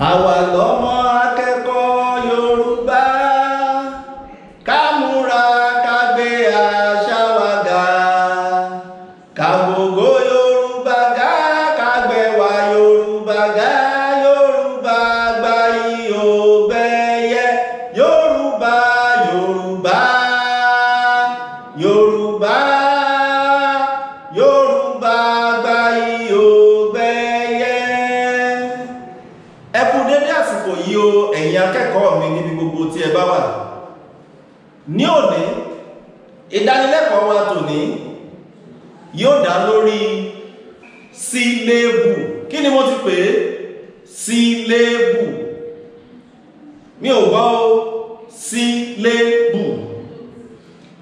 àwa lọ́mọ. mi níbi gbogbo tí ẹ bá wà ní òní ìdánilẹ́kọ̀ọ́ wa tòní yóò dá lórí sílébù kí ni mo ti pè é sílébù mi ò gbọ́ ó sílébù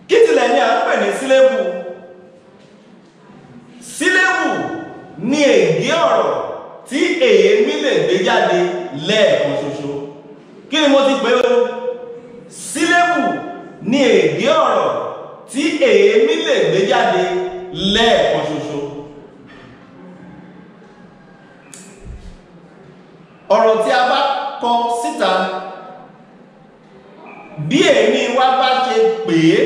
kí tilẹ̀ ni à ń pè ní sílébù sílébù ni èdè ọ̀rọ̀ tí èémí lè gbé jáde lẹ́ẹ̀kan kí ni mo ti pè o sílébù ni èdè ọ̀rọ̀ tí èémí lè gbé jáde lẹ́ẹ̀kan ṣoṣo ọ̀rọ̀ tí a bá kọ síta bí èémí wa bá ṣe pè é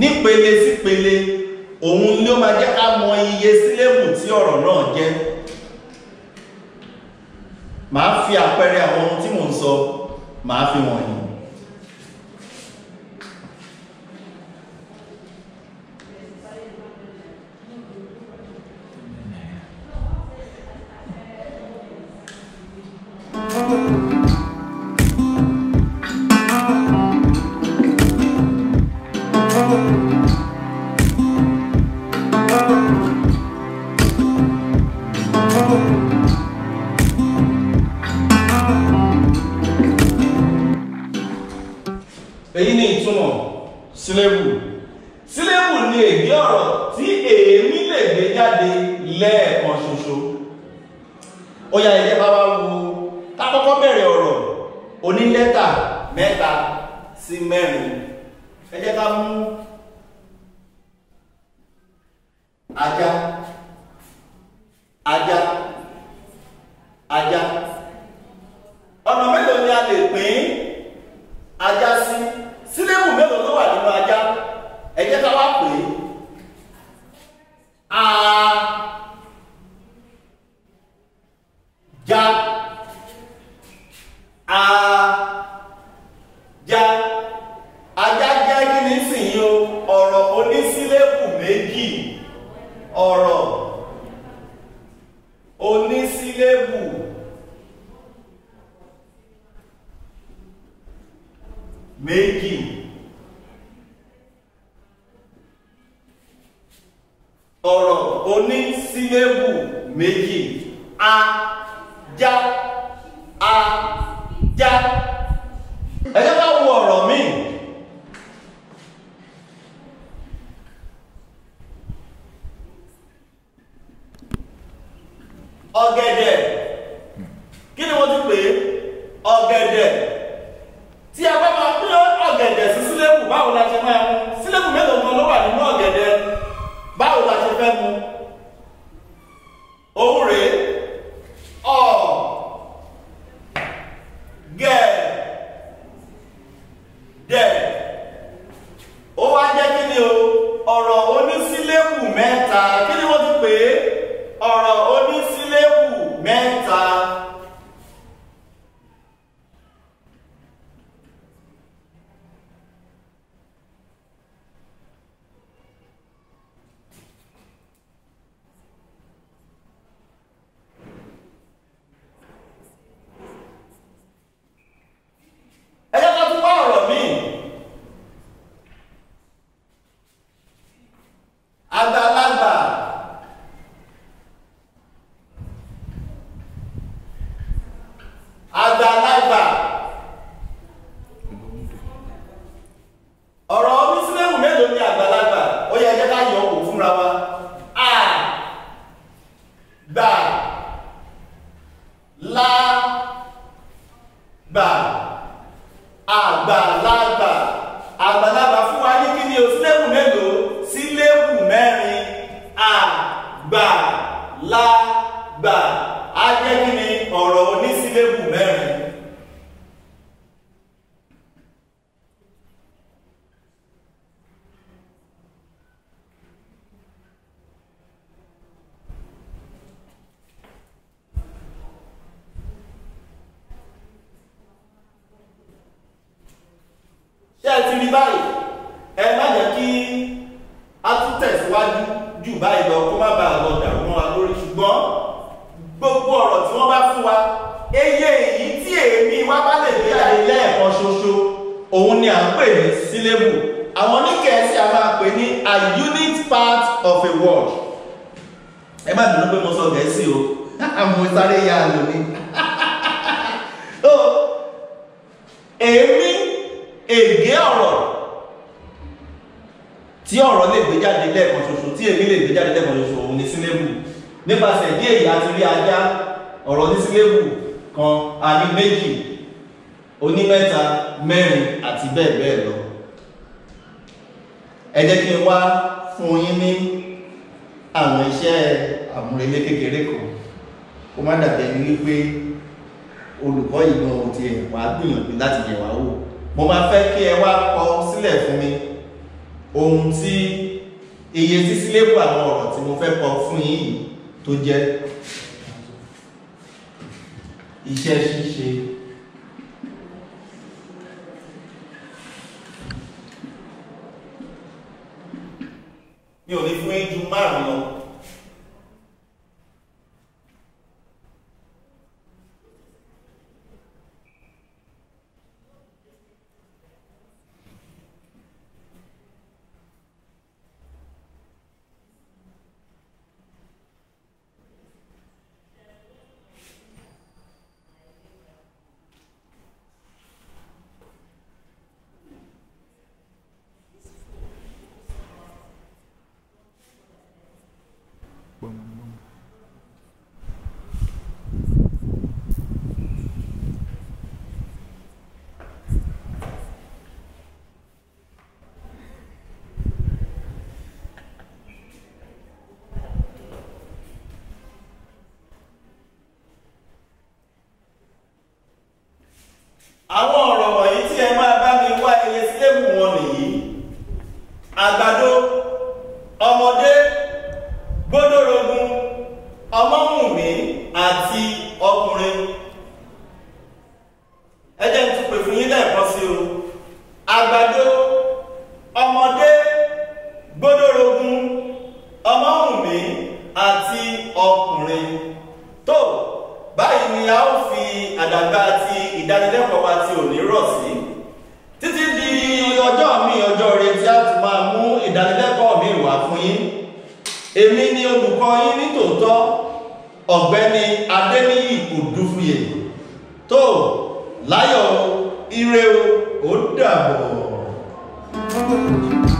nípele sípele òun ni ó máa jẹ́ ká mọ iye sílébù tí ọ̀rọ̀ náà jẹ́ màá fi àpẹẹrẹ àwọn ohun tí mò ń sọ màá fi wọ̀nyí ṣoṣo ó yá bá wá wo tákọ́kọ́ bẹ̀rẹ̀ ọ̀rọ̀ onílẹ́tà mẹ́ta sí mẹ́rin ẹ jẹ́ ká mú ajá ajá ajá ọ̀nà mélòó ni a lè pín ajá ajá jẹ́ kí ni sìn yín o ọ̀rọ̀ onísílẹ̀kù méjì ọ̀rọ̀ onísílẹ̀kù méjì. ọ̀rọ̀ onísílẹ́kù mẹ́ta báyìí ẹ má jẹ́ kí a tún tẹ̀síwájú jù báyìí lọ kó má bàa lọ dàrú mọ́ wa lórí ṣùgbọ́n gbogbo ọ̀rọ̀ tí wọ́n bá fún wa eye èyí tí èmi wá bá lè gbé jáde lẹ́ẹ̀kan ṣoṣo òun ni à ń pè ní sílébù àwọn oníkẹ̀ẹ́sì a máa pè ní a unit part of a word ẹ má bínú pé mo sọ gẹ̀ẹ́sì o àmọ́ sáré yá lò ní. èmi tí ọ̀rọ̀ lè gbé jáde lẹ́ẹ̀kan ṣoṣo tí èmi lè gbé jáde lẹ́ẹ̀kan ṣoṣo òun ni sílébù nípasẹ̀ bí èyí àti rí ajá ọ̀rọ̀ ní sílébù kan a ní méjì onímẹ́ta mẹ́rin àti bẹ́ẹ̀ bẹ́ẹ̀ lọ ẹ jẹ́ kí n wá fún yín ní àwọn iṣẹ́ àmúrelé kékeré kan kó má dàbí ẹni wípé olùkọ́ yìí gan-an ti ẹ̀ wá gbìyànjú láti yẹ̀ wá wò mo máa fẹ́ kí ẹ wá kọ sílẹ̀ fún mi ohun tí iye tí sílébù àwọn ọ̀rọ̀ tí mo fẹ́ kọ fún yìí tó jẹ́ iṣẹ́ ṣíṣe mi ò ní fún yín márùn-ún àwọn ọ̀rọ̀ wọ̀nyí tí ẹ máa bá mi wá ẹyẹ sílẹ̀mù wọn nìyí àgbàdo ọmọdé gbódòrógún ọmọmùmí àti ọkùnrin ẹ jẹ́ ń tún pè fún yín lẹ́ẹ̀kan sí o àgbàdo. yín èmi ni olùkọ́ yín nítòótọ́ ọ̀gbẹ́ni adéníyì òdúfúyè tó láyọ̀ ire ó dàbọ̀. thank you